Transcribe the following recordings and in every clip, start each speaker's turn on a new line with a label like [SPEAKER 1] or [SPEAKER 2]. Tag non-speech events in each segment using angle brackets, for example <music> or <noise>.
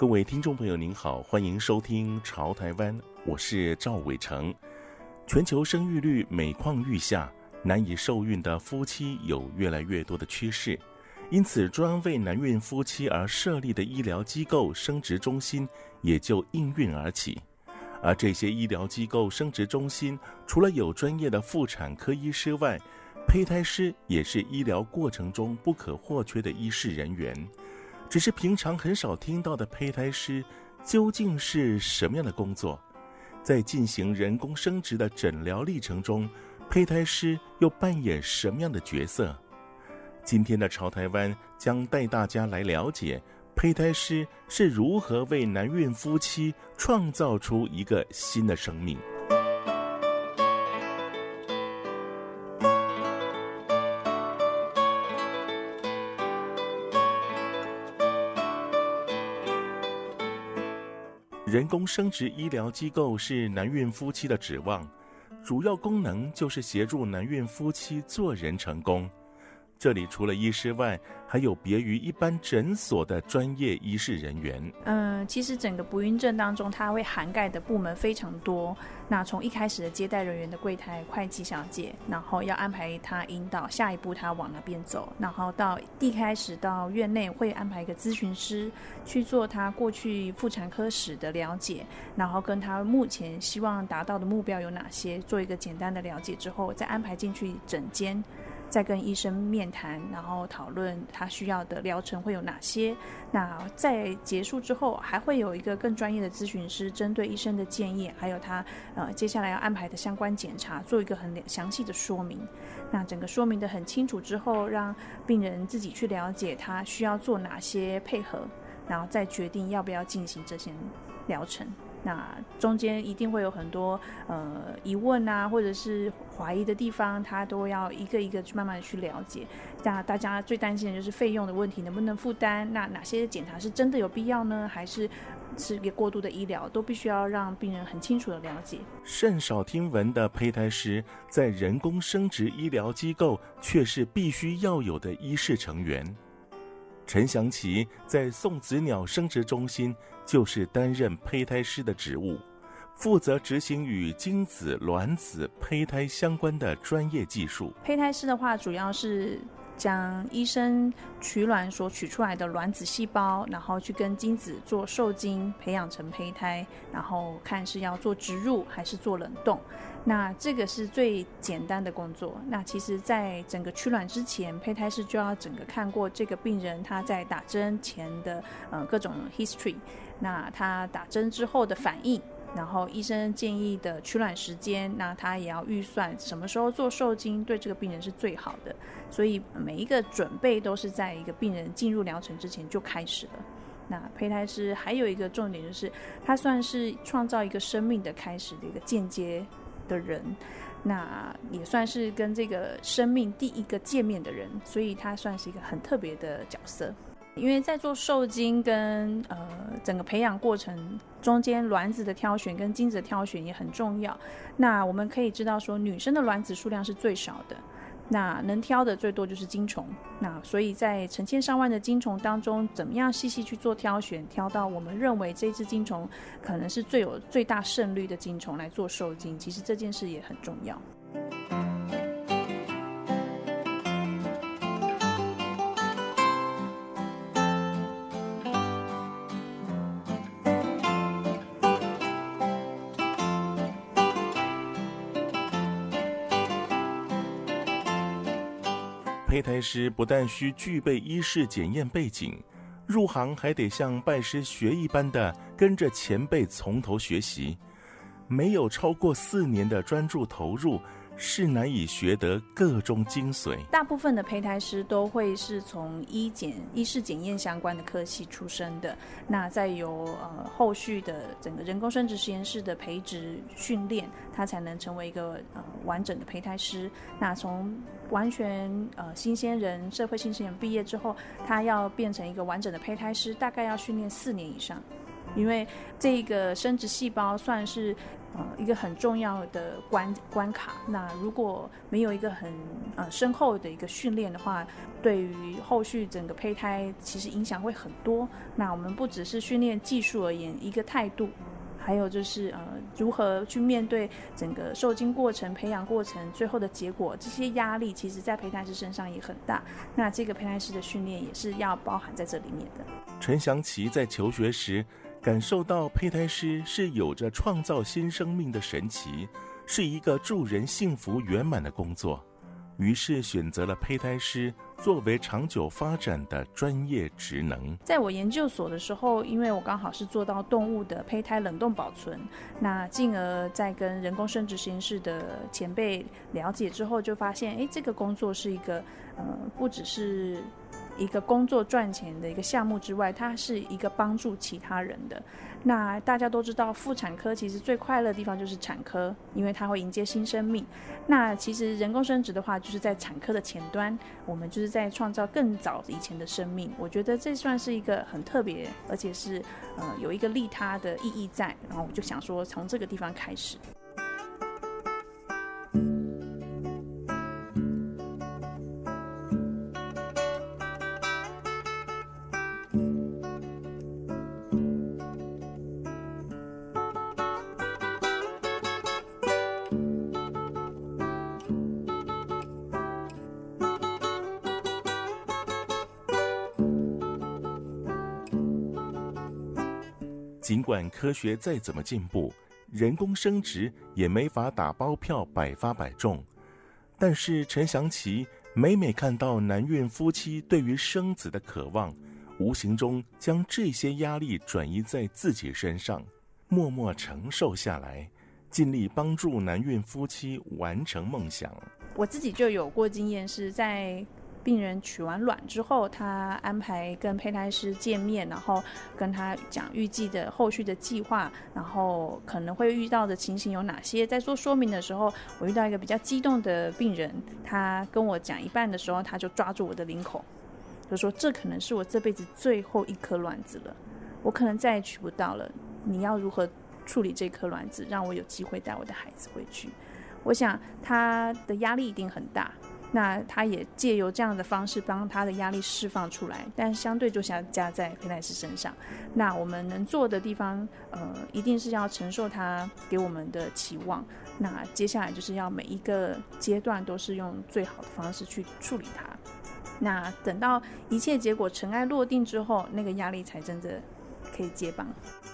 [SPEAKER 1] 各位聽眾朋友，您好，歡迎收聽《潮臺灣》，我是趙偉成。全球生育率每況愈下，難以受孕的夫妻有越來越多的趨勢，因此專為難孕夫妻而設立的醫療機構、生殖中心也就應運而起。而這些醫療機構、生殖中心，除了有專業的婦產科醫師外，胚胎師也是醫療過程中不可或缺的醫事人員。只是平常很少聽到的胚胎師究竟是什麼樣的工作？在進行人工生殖的診療歷程中，胚胎師又扮演什麼樣的角色？今天的《潮台灣》將帶大家來了解胚胎師是如何為難孕夫妻創造出一個新的生命。人工生殖醫療機構是難孕夫妻的指望，主要功能就是協助難孕夫妻做人成功。這裡除了醫師外，還有別於一般診所的專業醫事人員。
[SPEAKER 2] 嗯，其實整個不孕症當中，它會涵蓋的部門非常多。那從一開始的接待人員的櫃檯會計小姐，然後要安排他引導下一步他往那邊走，然後到第一開始到院內會安排一個諮詢師去做他過去婦產科史的了解，然後跟他目前希望達到的目標有哪些，做一個簡單的了解之後，再安排進去診間，再跟醫生面談，然後討論他需要的療程會有哪些。那在結束之後，還會有一個更專業的諮詢師，針對醫生的建議，還有他呃接下來要安排的相關檢查，做一個很詳細的說明。那整個說明得很清楚之後，讓病人自己去了解他需要做哪些配合，然後再決定要不要進行這些療程。那中間一定會有很多呃疑問啊，或者是懷疑的地方，他都要一個一個去慢慢去了解。那大家最擔心的就是費用的問題，能不能負擔？那哪些檢查是真的有必要呢？還是是一個過度的醫療？都必須要讓病人很清楚的了解。
[SPEAKER 1] 甚少聽聞的胚胎師，在人工生殖醫療機構卻是必須要有的醫事成員。陳翔琦在送子鳥生殖中心。就是擔任胚胎師的職務，負責執行與精子、卵子、胚胎相關的專業技術。
[SPEAKER 2] 胚胎師的話，主要是將醫生取卵所取出來的卵子細胞，然後去跟精子做受精，培養成胚胎，然後看是要做植入還是做冷凍。那這個是最簡單的工作。那其實，在整個取卵之前，胚胎師就要整個看過這個病人他在打針前的，呃，各種 history。那他打針之後的反應，然後醫生建議的取卵時間，那他也要預算什麼時候做受精對這個病人是最好的。所以每一個準備都是在一個病人進入療程之前就開始了。那胚胎師還有一個重點就是，他算是創造一個生命的開始的一個間接的人，那也算是跟這個生命第一個見面的人，所以他算是一個很特別的角色。因為在做受精跟呃整個培養過程中間，卵子的挑選跟精子的挑選也很重要。那我們可以知道說，女生的卵子數量是最少的，那能挑的最多就是精蟲。那所以在成千上萬的精蟲當中，怎麼樣細細去做挑選，挑到我們認為這隻精蟲可能是最有最大勝率的精蟲來做受精，其實這件事也很重要。
[SPEAKER 1] 胚胎師不但需具備醫事檢驗背景，入行還得像拜師學藝般的跟着前輩從頭學習，沒有超過四年的專注投入。是難以學得各種精髓。
[SPEAKER 2] 大部分的胚胎師都會是從醫檢、醫事檢驗相關的科系出身的，那再由呃後續的整個人工生殖實驗室的培植訓練，他才能成為一個呃完整的胚胎師。那從完全呃新鮮人、社會新鮮人畢業之後，他要變成一個完整的胚胎師，大概要訓練四年以上。因為這個生殖細胞算是呃一個很重要的關關卡，那如果沒有一個很呃深厚的一個訓練的話，對於後續整個胚胎其實影響會很多。那我們不只是訓練技術而言，一個態度，還有就是呃如何去面對整個受精過程、培養過程、最後的結果，這些壓力其實，在胚胎師身上也很大。那這個胚胎師的訓練也是要包含在這裡面的。
[SPEAKER 1] 陳翔琦在求學時。感受到胚胎師是有着創造新生命的神奇，是一個助人幸福圓滿的工作，於是選擇了胚胎師作為長久發展的專業職能。
[SPEAKER 2] 在我研究所的時候，因為我剛好是做到動物的胚胎冷凍保存，那進而在跟人工生殖實驗室的前輩了解之後，就發現，哎，這個工作是一個，呃，不只是。一個工作賺錢的一個項目之外，它是一個幫助其他人的。那大家都知道，婦產科其實最快樂的地方就是產科，因為它會迎接新生命。那其實人工生殖的話，就是在產科的前端，我們就是在創造更早以前的生命。我覺得這算是一個很特別，而且是呃有一個利他的意義在。然後我就想說，從這個地方開始。
[SPEAKER 1] 儘管科學再怎麼進步，人工生殖也沒法打包票百發百中。但是陳翔琦每每看到難孕夫妻對於生子的渴望，無形中將這些壓力轉移在自己身上，默默承受下來，盡力幫助難孕夫妻完成夢想。
[SPEAKER 2] 我自己就有過經驗，是在。病人取完卵之後，他安排跟胚胎師見面，然後跟他講預計的後續的計劃，然後可能會遇到的情形有哪些。在做說說明的時候，我遇到一個比較激動的病人，他跟我講一半的時候，他就抓住我的領口，就說：“這可能是我這輩子最後一顆卵子了，我可能再也取不到了。你要如何處理這顆卵子，讓我有機會帶我的孩子回去？”我想他的壓力一定很大。那他也借由這樣的方式幫他的壓力釋放出來，但相對就像加在胚胎師身上。那我們能做的地方，呃，一定是要承受他給我們的期望。那接下來就是要每一個階段都是用最好的方式去處理它。那等到一切結果塵埃落定之後，那個壓力才真的可以接棒。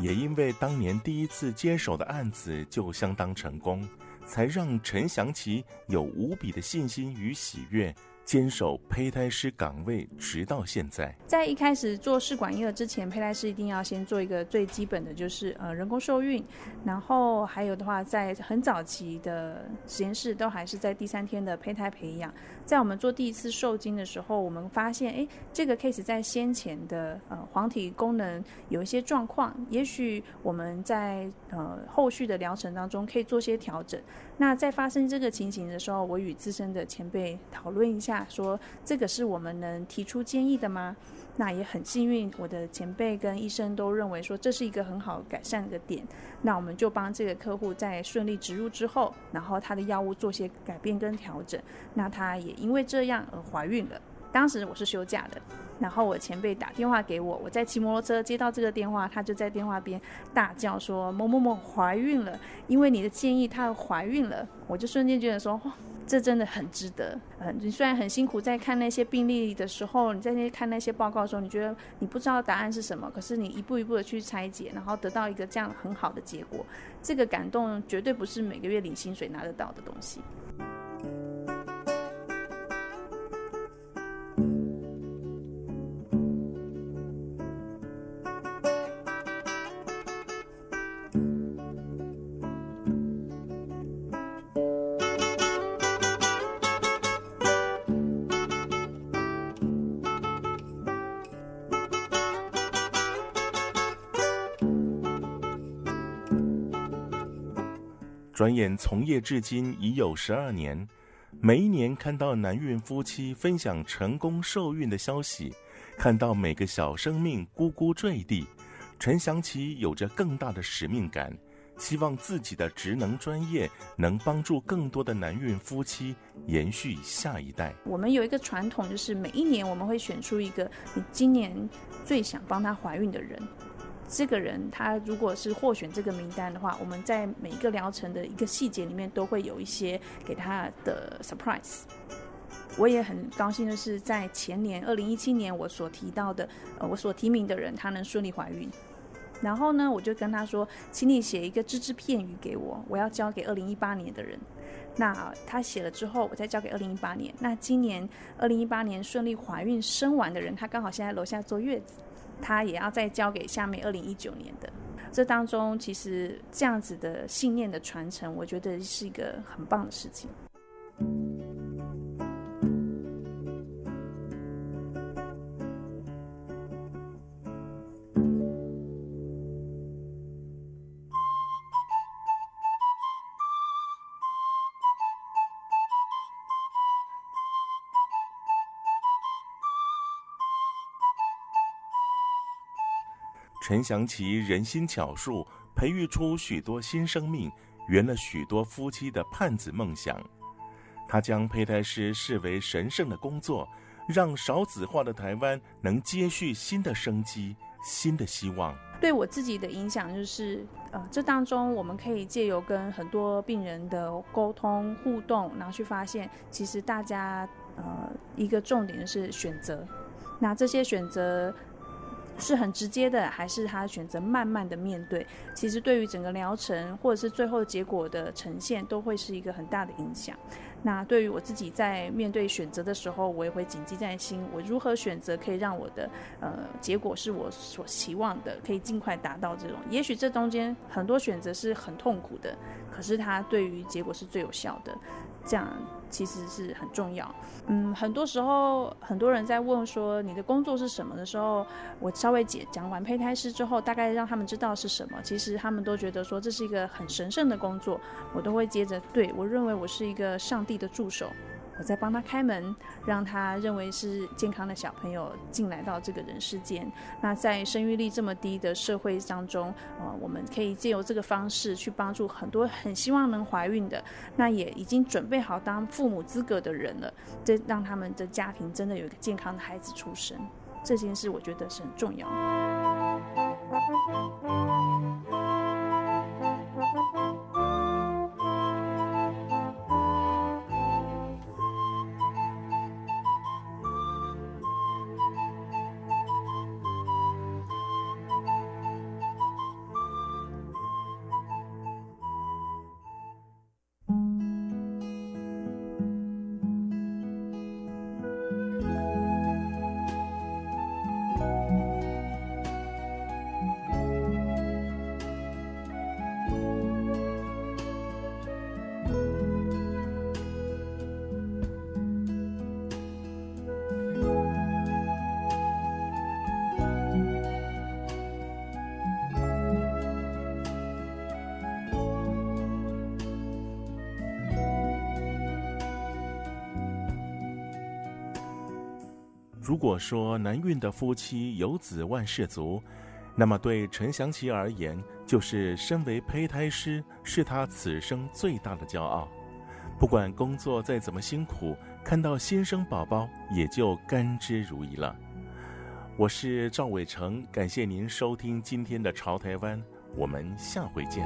[SPEAKER 1] 也因為當年第一次接手的案子就相當成功。才讓陳翔琦有無比的信心與喜悅，堅守胚胎師崗位直到現在。
[SPEAKER 2] 在一開始做試管嬰兒之前，胚胎師一定要先做一個最基本的就是呃人工受孕，然後還有的話，在很早期的實驗室都還是在第三天的胚胎培養。在我們做第一次受精的時候，我們發現，誒，這個 case 在先前的呃黃體功能有一些狀況，也許我們在呃後續的療程當中可以做些調整。那在發生這個情形的時候，我與資深的前輩討論一下說，說這個是我們能提出建議的嗎？那也很幸運，我的前輩跟醫生都認為說這是一個很好改善的點。那我們就幫這個客戶在順利植入之後，然後他的藥物做些改變跟調整。那他也因為這樣而懷孕了。當時我是休假的，然後我前輩打電話給我，我在騎摩托車接到這個電話，他就在電話邊大叫說：“某某某懷孕了，因為你的建議她懷孕了。”我就瞬間覺得說，哇！這真的很值得。嗯，你雖然很辛苦，在看那些病例的時候，你在那看那些報告的時候，你覺得你不知道答案是什麼，可是你一步一步的去拆解，然後得到一個這樣很好的結果，這個感動絕對不是每個月領薪水拿得到的東西。
[SPEAKER 1] 轉眼從業至今已有十二年，每一年看到難孕夫妻分享成功受孕的消息，看到每個小生命呱呱墜地，陳翔琦有着更大的使命感，希望自己的職能專業能幫助更多的難孕夫妻延續下一代。
[SPEAKER 2] 我們有一個傳統，就是每一年我們會選出一個你今年最想幫他懷孕的人。這個人他如果是獲選這個名單的話，我們在每一個療程的一個細節裡面都會有一些給他的 surprise。我也很高興的是，在前年2017年我所提到的，呃，我所提名的人他能順利懷孕。然後呢，我就跟他說，請你寫一個只字片語給我，我要交給2018年的人。那他寫了之後，我再交給2018年。那今年2018年順利懷孕生完的人，他剛好現在樓下坐月子。他也要再交給下面二零一九年的。這當中其實這樣子的信念的傳承，我覺得是一個很棒的事情。
[SPEAKER 1] 陳翔琦人心巧術，培育出許多新生命，圓了許多夫妻的盼子夢想。他將胚胎師視為神聖的工作，讓少子化的台灣能接續新的生機、新的希望。
[SPEAKER 2] 對我自己的影響就是，呃，這當中我們可以借由跟很多病人的溝通互動，然後去發現，其實大家呃，一個重點是選擇，那這些選擇。是很直接的，還是他選擇慢慢的面對？其實對於整個療程，或者是最後結果的呈現，都會是一個很大的影響。那對於我自己在面對選擇的時候，我也會謹記在心：我如何選擇可以讓我的呃結果是我所期望的，可以盡快達到這種。也許這中間很多選擇是很痛苦的，可是它對於結果是最有效的。這樣其實是很重要。嗯，很多時候很多人在問說你的工作是什麼的時候，我稍微解講完胚胎師之後，大概讓他們知道是什麼。其實他們都覺得說這是一個很神聖的工作，我都會接著，對，我認為我是一個上帝的助手。我在幫他開門，讓他認為是健康的小朋友進來到這個人世間。那在生育率這麼低的社會當中，呃，我們可以借由這個方式去幫助很多很希望能懷孕的，那也已經準備好當父母資格的人了，這讓他們的家庭真的有一個健康的孩子出生，這件事我覺得是很重要的。 <music>
[SPEAKER 1] 如果說難孕的夫妻有子萬事足，那麼對陳翔琦而言，就是身為胚胎師，是他此生最大的驕傲。不管工作再怎麼辛苦，看到新生寶寶，也就甘之如飴了。我是趙偉成，感謝您收聽今天的《潮臺灣》，我們下回見。